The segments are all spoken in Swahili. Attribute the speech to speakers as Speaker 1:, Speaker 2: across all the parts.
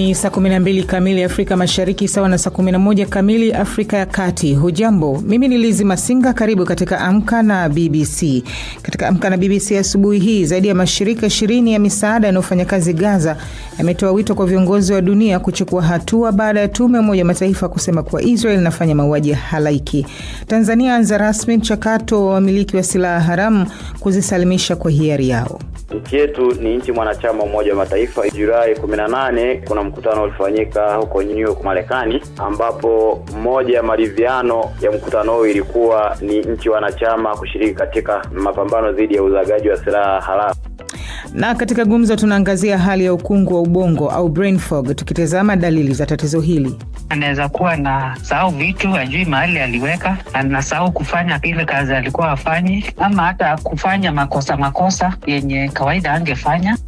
Speaker 1: ni saa 12 kamili Afrika Mashariki, sawa na saa 11 kamili Afrika ya Kati. Hujambo, mimi ni Lizi Masinga. Karibu katika Amka na BBC. Katika Amka na BBC asubuhi hii, zaidi ya mashirika ishirini ya misaada yanayofanya kazi Gaza yametoa wito kwa viongozi wa dunia kuchukua hatua baada ya tume Umoja Mataifa kusema kuwa Israel inafanya mauaji ya halaiki. Tanzania anza rasmi mchakato wa wamiliki wa silaha haramu kuzisalimisha kwa hiari yao.
Speaker 2: Nchi yetu ni nchi mwanachama wa Umoja wa Mataifa. Julai 18 kuna mkutano ulifanyika huko New York Marekani, ambapo moja ya maridhiano ya mkutano huo ilikuwa ni nchi wanachama kushiriki katika mapambano dhidi ya uzagaji wa silaha haramu.
Speaker 1: Na katika gumzo tunaangazia hali ya ukungu wa ubongo au brain fog, tukitazama dalili za tatizo hili.
Speaker 3: Anaweza kuwa na sahau vitu, ajui mahali aliweka, anasahau kufanya ile kazi alikuwa afanyi, ama hata kufanya makosa makosa yenye kawaida angefanya.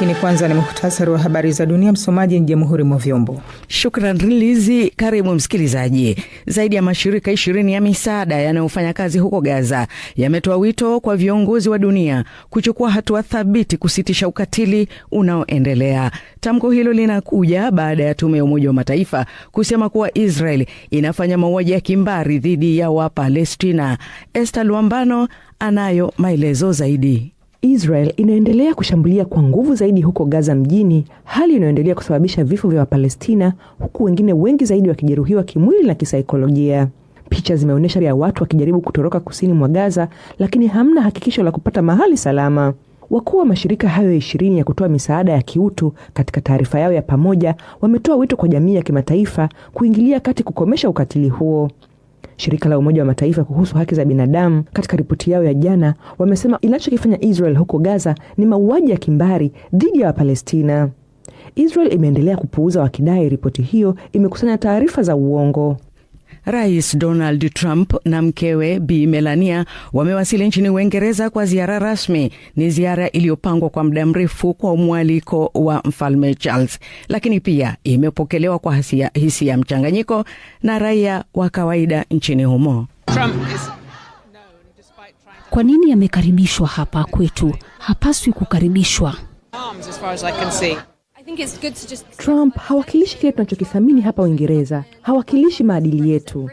Speaker 1: lakini kwanza ni muhtasari wa habari za dunia. Msomaji ni Jamhuri mwa vyombo.
Speaker 3: Shukran Rilizi. Karibu msikilizaji. Zaidi ya mashirika ishirini ya misaada yanayofanya kazi huko Gaza yametoa wito kwa viongozi wa dunia kuchukua hatua thabiti kusitisha ukatili unaoendelea. Tamko hilo linakuja baada ya tume ya Umoja wa Mataifa kusema kuwa Israel inafanya mauaji ya kimbari dhidi ya Wapalestina. Esta Luambano anayo maelezo zaidi.
Speaker 1: Israel inaendelea kushambulia kwa nguvu zaidi huko Gaza mjini, hali inayoendelea kusababisha vifo vya Wapalestina huku wengine wengi zaidi wakijeruhiwa kimwili na kisaikolojia. Picha zimeonyesha ya watu wakijaribu kutoroka kusini mwa Gaza, lakini hamna hakikisho la kupata mahali salama. Wakuu wa mashirika hayo ishirini ya kutoa misaada ya kiutu katika taarifa yao ya pamoja wametoa wito kwa jamii ya kimataifa kuingilia kati kukomesha ukatili huo. Shirika la Umoja wa Mataifa kuhusu haki za binadamu katika ripoti yao ya jana wamesema inachokifanya Israel huko Gaza ni mauaji ya kimbari dhidi ya Wapalestina. Israel imeendelea kupuuza wakidai ripoti hiyo imekusanya taarifa za uongo.
Speaker 3: Rais Donald Trump na mkewe Bi Melania wamewasili nchini Uingereza kwa ziara rasmi. Ni ziara iliyopangwa kwa muda mrefu kwa mwaliko wa Mfalme Charles, lakini pia imepokelewa kwa hisia hisia mchanganyiko na raia wa kawaida nchini humo.
Speaker 1: Kwa nini amekaribishwa hapa kwetu? Hapaswi kukaribishwa. Trump hawakilishi kile tunachokithamini hapa Uingereza, hawakilishi maadili yetu.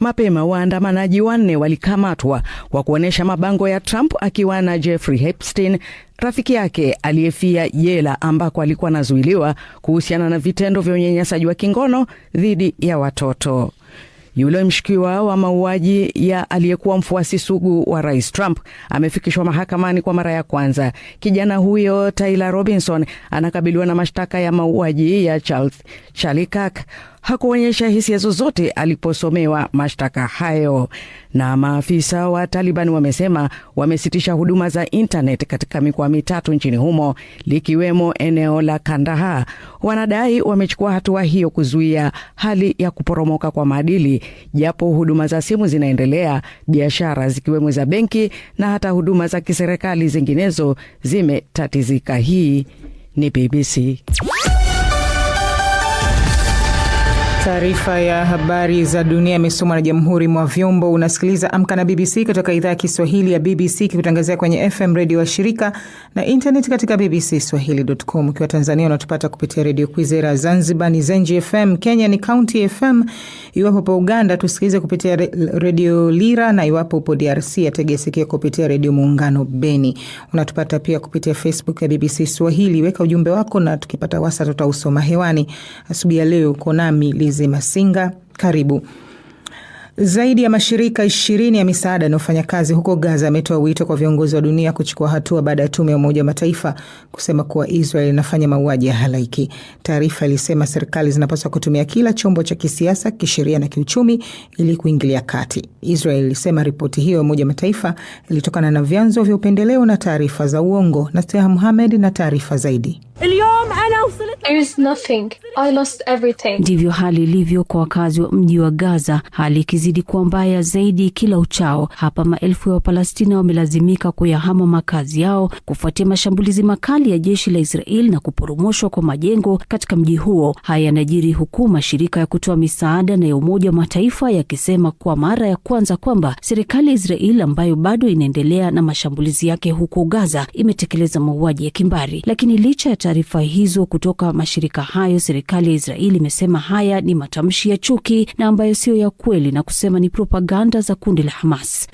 Speaker 3: Mapema waandamanaji wanne walikamatwa kwa kuonyesha mabango ya Trump akiwa na Jeffrey Epstein, rafiki yake aliyefia jela ambako alikuwa anazuiliwa kuhusiana na vitendo vya unyanyasaji wa kingono dhidi ya watoto. Yule mshukiwa wa mauaji ya aliyekuwa mfuasi sugu wa rais Trump amefikishwa mahakamani kwa mara ya kwanza. Kijana huyo Tyler Robinson anakabiliwa na mashtaka ya mauaji ya Charles Charlie Kirk hakuonyesha hisia zozote aliposomewa mashtaka hayo. Na maafisa wa Taliban wamesema wamesitisha huduma za intanet katika mikoa mitatu nchini humo likiwemo eneo la Kandahar. Wanadai wamechukua hatua hiyo kuzuia hali ya kuporomoka kwa maadili, japo huduma za simu zinaendelea, biashara zikiwemo za benki na hata huduma za kiserikali zinginezo zimetatizika. Hii ni BBC.
Speaker 1: Taarifa ya habari za dunia imesomwa na Jamhuri mwa vyombo. Unasikiliza Amka na BBC kutoka idhaa ya Kiswahili ya BBC ikikutangazia kwenye FM redio wa shirika na intaneti katika BBC Swahili.com. Ukiwa Tanzania unatupata kupitia redio Kwizera, Zanzibar ni Zenji FM, Kenya ni County FM. Iwapo po Uganda tusikilize kupitia redio Lira, na iwapo upo DRC ategesikia kupitia redio Muungano Beni. Unatupata pia kupitia Facebook ya BBC Swahili. Weka ujumbe wako na tukipata wasa tutausoma hewani. Asubuhi ya leo uko nami Chizi Masinga, karibu. Zaidi ya mashirika ishirini ya misaada yanayofanya kazi huko Gaza ametoa wito kwa viongozi wa dunia kuchukua hatua baada ya tume ya Umoja wa Mataifa kusema kuwa Israel inafanya mauaji ya halaiki. Taarifa ilisema serikali zinapaswa kutumia kila chombo cha kisiasa, kisheria na kiuchumi ili kuingilia kati. Israel ilisema ripoti hiyo ya Umoja wa Mataifa ilitokana na vyanzo vya upendeleo na taarifa za uongo. Nastia Muhamed na taarifa zaidi Elio!
Speaker 4: There is nothing. I lost everything.
Speaker 3: Ndivyo hali ilivyo kwa wakazi wa mji wa Gaza, hali ikizidi kuwa mbaya zaidi kila uchao. Hapa maelfu ya Wapalestina wamelazimika kuyahama makazi yao kufuatia mashambulizi makali ya jeshi la Israeli na kuporomoshwa kwa majengo katika mji huo. Haya yanajiri huku mashirika ya kutoa misaada na ya Umoja wa Mataifa yakisema kwa mara ya kwanza kwamba serikali ya Israeli ambayo bado inaendelea na mashambulizi yake huko Gaza imetekeleza mauaji ya kimbari. Lakini licha ya taarifa hizo kutoka mashirika hayo, serikali ya Israeli imesema haya ni matamshi ya chuki na ambayo siyo ya kweli na kusema ni propaganda za kundi la Hamas.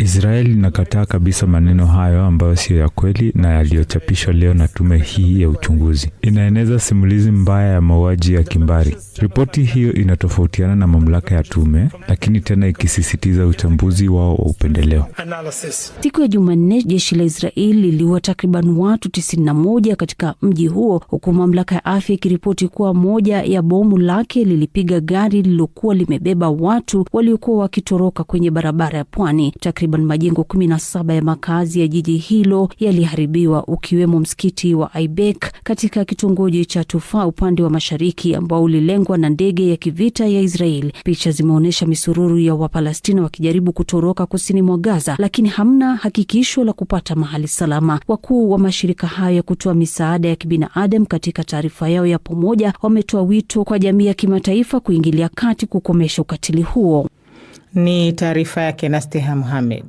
Speaker 5: Israeli inakataa kabisa maneno hayo ambayo siyo ya kweli na yaliyochapishwa leo na tume hii ya uchunguzi. Inaeneza simulizi mbaya ya mauaji ya kimbari. Ripoti hiyo inatofautiana na mamlaka ya tume, lakini tena ikisisitiza uchambuzi wao wa upendeleo.
Speaker 3: Siku ya Jumanne jeshi la Israeli liliua takriban watu 91 katika mji huo, huku mamlaka ya afya ikiripoti kuwa moja ya bomu lake lilipiga gari lililokuwa limebeba watu waliokuwa wakitoroka kwenye barabara ya pwani. Takriban majengo kumi na saba ya makazi ya jiji hilo yaliharibiwa, ukiwemo msikiti wa Aibek katika kitongoji cha Tufaa upande wa mashariki, ambao ulilengwa na ndege ya kivita ya israel Picha zimeonyesha misururu ya Wapalestina wakijaribu kutoroka kusini mwa Gaza, lakini hamna hakikisho la kupata mahali salama. Wakuu wa mashirika hayo ya kutoa misaada ya kibinadamu katika taarifa yao ya pamoja wametoa wito kwa jamii ya kimataifa kuingilia kati kukomesha ukatili huo.
Speaker 1: Ni taarifa yake Nasteha muhamed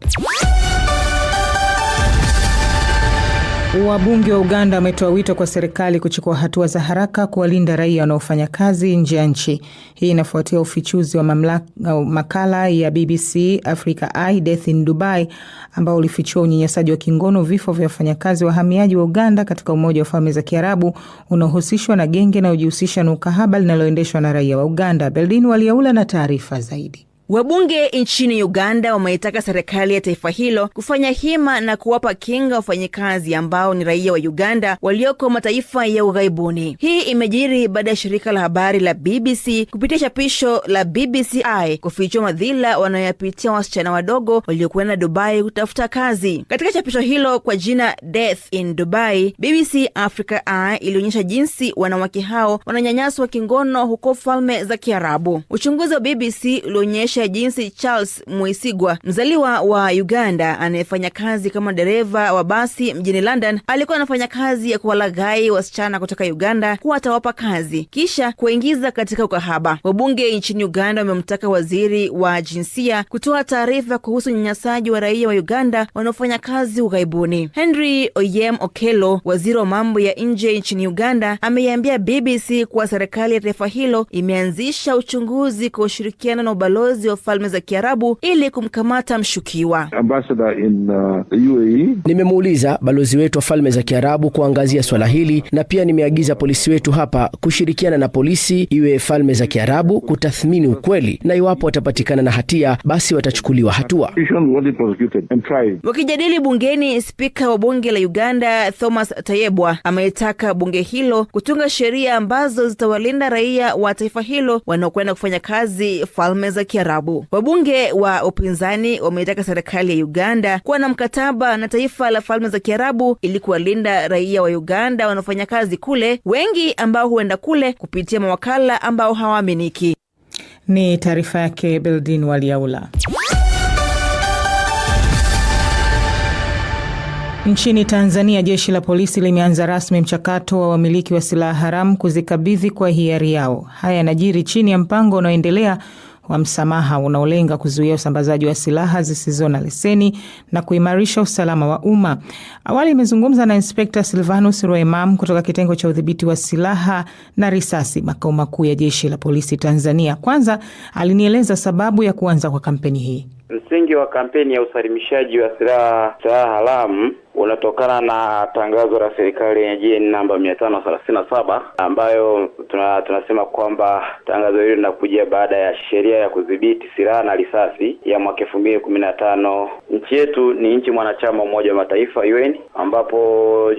Speaker 1: Wabunge wa Uganda wametoa wito kwa serikali kuchukua hatua za haraka kuwalinda raia wanaofanya kazi nje ya nchi. Hii inafuatia ufichuzi wa mamlaka, uh, makala ya BBC Africa Eye Death in Dubai ambao ulifichua unyanyasaji wa kingono, vifo vya wafanyakazi wahamiaji wa Uganda katika Umoja wa Falme za Kiarabu unaohusishwa na genge inayojihusisha na ukahaba linaloendeshwa na raia wa Uganda. Berlin waliaula na taarifa zaidi.
Speaker 3: Wabunge nchini Uganda wameitaka serikali ya taifa hilo kufanya hima na kuwapa kinga wafanyikazi ambao ni raia wa Uganda walioko mataifa ya ughaibuni. Hii imejiri baada ya shirika la habari la BBC kupitia chapisho la BBCI kufichua madhila wanayoyapitia wasichana wadogo waliokwenda Dubai kutafuta kazi. Katika chapisho hilo kwa jina Death in Dubai, BBC Africa Eye ilionyesha jinsi wanawake hao wananyanyaswa kingono huko Falme za Kiarabu. Uchunguzi wa BBC ulionyesha inaonyesha jinsi Charles Mwisigwa, mzaliwa wa Uganda anayefanya kazi kama dereva wa basi mjini London, alikuwa anafanya kazi ya kuwalaghai wasichana kutoka Uganda kuwa atawapa kazi kisha kuwaingiza katika ukahaba. Wabunge nchini Uganda wamemtaka waziri wa jinsia kutoa taarifa kuhusu unyanyasaji wa raia wa Uganda wanaofanya kazi ughaibuni. Henry Oyem Okello, waziri wa mambo ya nje nchini Uganda, ameiambia BBC kuwa serikali ya taifa hilo imeanzisha uchunguzi kwa ushirikiano na ubalozi wa Falme za Kiarabu ili kumkamata mshukiwa. Uh,
Speaker 6: e. Nimemuuliza balozi wetu wa Falme za Kiarabu kuangazia swala hili na pia nimeagiza polisi wetu hapa kushirikiana na polisi iwe Falme za Kiarabu kutathmini ukweli na iwapo watapatikana na hatia basi watachukuliwa hatua.
Speaker 3: Wakijadili bungeni, spika wa bunge la Uganda Thomas Tayebwa ametaka bunge hilo kutunga sheria ambazo zitawalinda raia wa taifa hilo wanaokwenda kufanya kazi Falme za Kiarabu. Zimbabwe. Wabunge wa upinzani wameitaka serikali ya Uganda kuwa na mkataba na taifa la Falme za Kiarabu ili kuwalinda raia wa Uganda wanaofanya kazi kule, wengi ambao huenda kule kupitia mawakala ambao hawaaminiki.
Speaker 1: Ni taarifa yake Beldin Waliaula. Nchini Tanzania, jeshi la polisi limeanza rasmi mchakato wa wamiliki wa silaha haramu kuzikabidhi kwa hiari yao. Haya yanajiri chini ya mpango unaoendelea wa msamaha unaolenga kuzuia usambazaji wa silaha zisizo na leseni na kuimarisha usalama wa umma. Awali imezungumza na Inspekta Silvanus Roemam kutoka kitengo cha udhibiti wa silaha na risasi, makao makuu ya jeshi la polisi Tanzania. Kwanza alinieleza sababu ya kuanza kwa kampeni hii.
Speaker 2: Msingi wa kampeni ya usalimishaji wa silaha silaha haramu unatokana na tangazo la serikali yenye jini namba mia tano thelathini na saba ambayo tuna, tunasema kwamba tangazo hili linakuja baada ya sheria ya kudhibiti silaha na risasi ya mwaka elfu mbili kumi na tano. Nchi yetu ni nchi mwanachama Umoja wa Mataifa UN, ambapo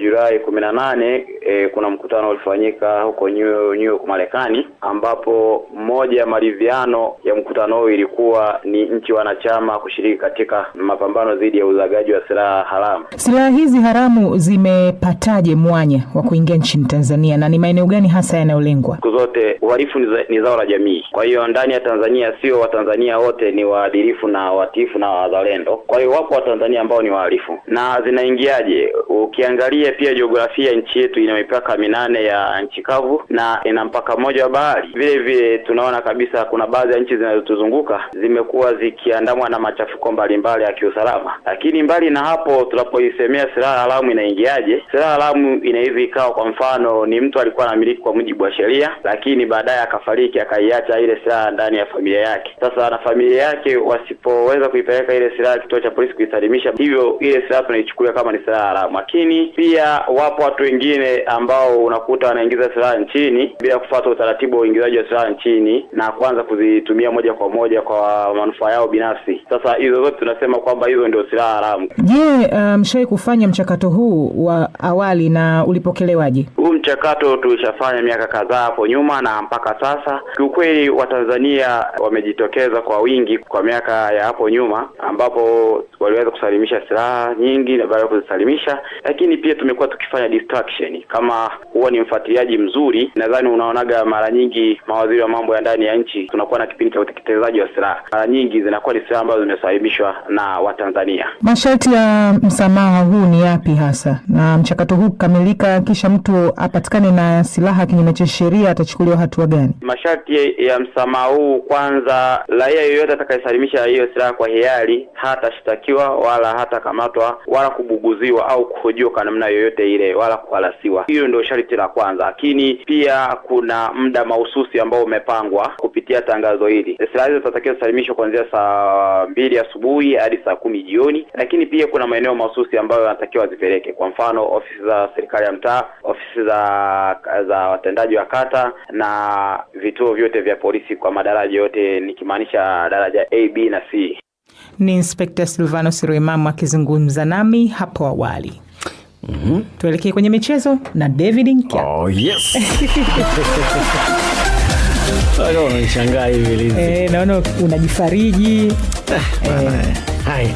Speaker 2: Julai kumi na nane e, kuna mkutano ulifanyika huko New York Marekani, ambapo moja ya maridhiano ya mkutano huu ilikuwa ni nchi wanachama kushiriki katika mapambano dhidi ya uzagaji wa silaha haramu.
Speaker 1: Bidhaa hizi haramu zimepataje mwanya wa kuingia nchini Tanzania na ni maeneo gani hasa yanayolengwa?
Speaker 2: Siku zote uhalifu ni zao la jamii, kwa hiyo ndani ya Tanzania sio Watanzania wote ni waadilifu na watiifu na wazalendo. Kwa hiyo wapo Watanzania ambao ni wahalifu. Na zinaingiaje? Ukiangalia pia jiografia, nchi yetu ina mipaka minane ya nchi kavu na ina mpaka mmoja wa bahari. Vile vile tunaona kabisa kuna baadhi ya nchi zinazotuzunguka zimekuwa zikiandamwa na machafuko mbalimbali ya kiusalama, lakini mbali na hapo tunapoisema kutegemea silaha haramu inaingiaje. Silaha haramu ina ikawa, kwa mfano ni mtu alikuwa anamiliki kwa mujibu wa sheria, lakini baadaye akafariki akaiacha ile silaha ndani ya familia yake. Sasa na familia yake wasipoweza kuipeleka ile silaha kituo cha polisi kuisalimisha, hivyo ile silaha tunaichukulia kama ni silaha haramu. Lakini pia wapo watu wengine ambao unakuta wanaingiza silaha nchini bila kufuata utaratibu wa uingizaji wa silaha nchini na kuanza kuzitumia moja kwa moja kwa manufaa yao binafsi. Sasa hizo zote tunasema kwamba hizo ndio silaha haramu.
Speaker 1: Je, mshai um, kufanya mchakato huu wa awali na ulipokelewaje?
Speaker 2: Huu mchakato tulishafanya miaka kadhaa hapo nyuma na mpaka sasa, kiukweli Watanzania wamejitokeza kwa wingi kwa miaka ya hapo nyuma, ambapo waliweza kusalimisha silaha nyingi, na baada ya kuzisalimisha, lakini pia tumekuwa tukifanya distraction. Kama huwa ni mfuatiliaji mzuri, nadhani unaonaga mara nyingi mawaziri wa mambo ya ndani ya nchi tunakuwa na kipindi cha utekelezaji wa silaha, mara nyingi zinakuwa ni silaha ambazo zimesalimishwa na Watanzania.
Speaker 1: Masharti ya msamaha huu ni yapi hasa, na mchakato huu kukamilika, kisha mtu apatikane na silaha kinyume cha sheria atachukuliwa hatua gani?
Speaker 2: Masharti ya msamaha huu, kwanza, raia yoyote atakayesalimisha hiyo silaha kwa hiari hatashtakiwa wala hatakamatwa wala kubuguziwa au kuhojiwa kwa namna yoyote ile wala kuhalasiwa. Hiyo ndio sharti la kwanza, lakini pia kuna muda mahususi ambao umepangwa kupitia tangazo hili. Silaha hizo zitatakiwa salimishwa kuanzia saa mbili asubuhi hadi saa kumi jioni, lakini pia kuna maeneo mahususi ambayo ambayo anatakiwa azipeleke, kwa mfano ofisi za serikali ya mtaa, ofisi za za watendaji wa kata na vituo vyote vya polisi kwa madaraja yote, nikimaanisha daraja A, B na C.
Speaker 1: Ni Inspekta Silvano Siroimamu akizungumza nami hapo awali. Mm -hmm. Tuelekee kwenye michezo na David
Speaker 7: Oh, yes. Unanishangaa hivi Lizi.
Speaker 1: Eh, naona unajifariji. Ah,
Speaker 7: eh.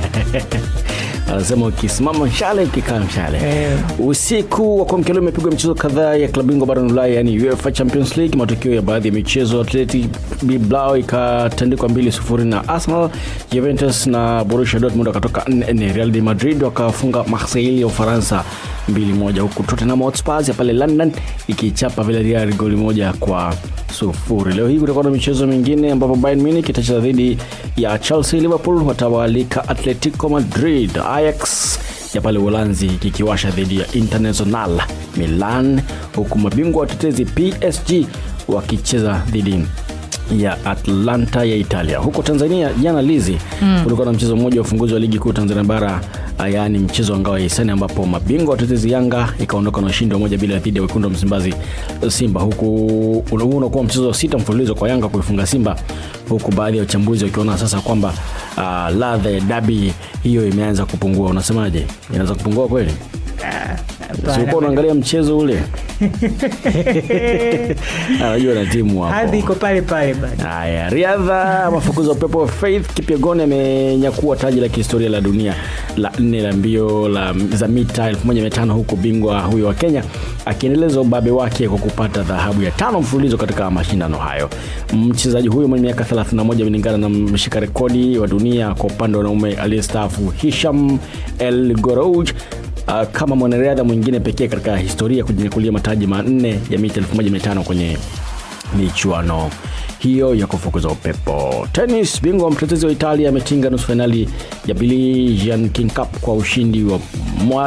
Speaker 7: anasema ukisimama mshale ukikaa mshale. Yeah. Usiku wa kuamkia leo imepigwa michezo kadhaa ya klabu bingwa barani Ulaya, yani UEFA Champions League. Matokeo ya baadhi ya michezo, Atleti biblao ikatandikwa mbili sufuri na Arsenal. Juventus na borusia Dortmund wakatoka nne real de Madrid wakafunga Marseille ya Ufaransa mbili moja huku Tottenham Hotspur ya pale London ikichapa Villarreal goli moja kwa sufuri. Leo hii kutakuwa na michezo mingine ambapo Bayern Munich itacheza dhidi ya Chelsea, Liverpool watawalika Atletico Madrid, Ajax ya pale ulanzi kikiwasha dhidi ya International Milan, huku mabingwa watetezi PSG wakicheza dhidi ya Atlanta ya Italia. Huko Tanzania jana lizi mm, kulikuwa na mchezo mmoja wa ufunguzi wa ligi kuu Tanzania bara Ah, yaani mchezo wa ngao ya hisani ambapo mabingwa watetezi Yanga ikaondoka na ushindi wa moja bila dhidi ya wekundu wa Msimbazi Simba, huku huu unakuwa mchezo wa sita mfululizo kwa Yanga kuifunga Simba, huku baadhi ya wachambuzi wakiona sasa kwamba uh, ladha ya dabi hiyo imeanza kupungua. Unasemaje, inaweza kupungua kweli? Ah, Sikuwa unaangalia mchezo ule? Anajua ah, na timu hapo.
Speaker 1: Hadi iko pale pale bado.
Speaker 7: Haya, riadha mafukuzo pepo Faith Kipyegon amenyakua taji la kihistoria la dunia la nne la mbio la za mita 1500 huku bingwa huyo wa Kenya akiendeleza ubabe wake kwa kupata dhahabu ya tano mfululizo katika mashindano hayo. Mchezaji huyo mwenye miaka 31 amelingana na mshika rekodi wa dunia kwa upande wa wanaume aliyestaafu Hisham El Gorouj uh, kama mwanariadha mwingine pekee katika historia kujinyakulia mataji manne ya mita 1500 kwenye michuano hiyo ya kufukuza upepo. Tenis, bingwa mtetezi wa Italia ametinga nusu fainali ya Billie King Cup kwa ushindi wa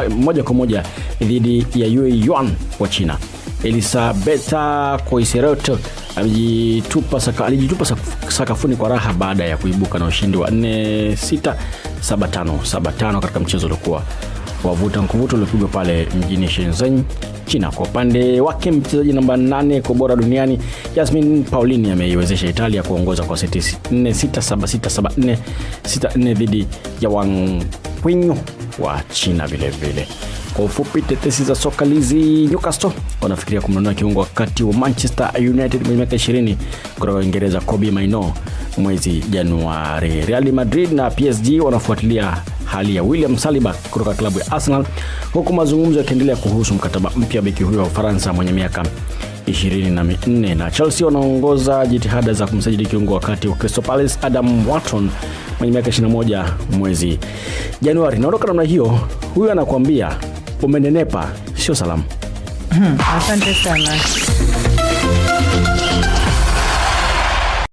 Speaker 7: moja kwa moja dhidi ya Yue Yuan wa China. Elisabetta Koiserot alijitupa saka, alijitupa sakafuni kwa raha baada ya kuibuka na ushindi wa 4 6 7 5 7 5 katika mchezo uliokuwa wavuta nkuvuta uliopigwa pale mjini shenzen China. Kwa upande wake mchezaji namba 8 kwa bora duniani Yasmin Paulini ameiwezesha Italia kuongoza kwa seti 4 dhidi ya Wang wa China vilevile vile. Kwa ufupi, tetesi za soka lizi Newcastle wanafikiria kumnunua kiungo wakati wa Manchester United mwenye miaka 20 kutoka Uingereza Kobbie Mainoo mwezi Januari. Real Madrid na PSG wanafuatilia hali ya William Saliba kutoka klabu ya Arsenal, huku mazungumzo yakiendelea kuhusu mkataba mpya wa beki huyo wa Ufaransa mwenye miaka 24 na Chelsea wanaongoza jitihada za kumsajili kiungo wakati wa Crystal Palace Adam Watson mwenye miaka 21 mwezi Januari. Naondoka namna hiyo, huyu anakuambia umenenepa, sio salamu. Hmm, asante sana.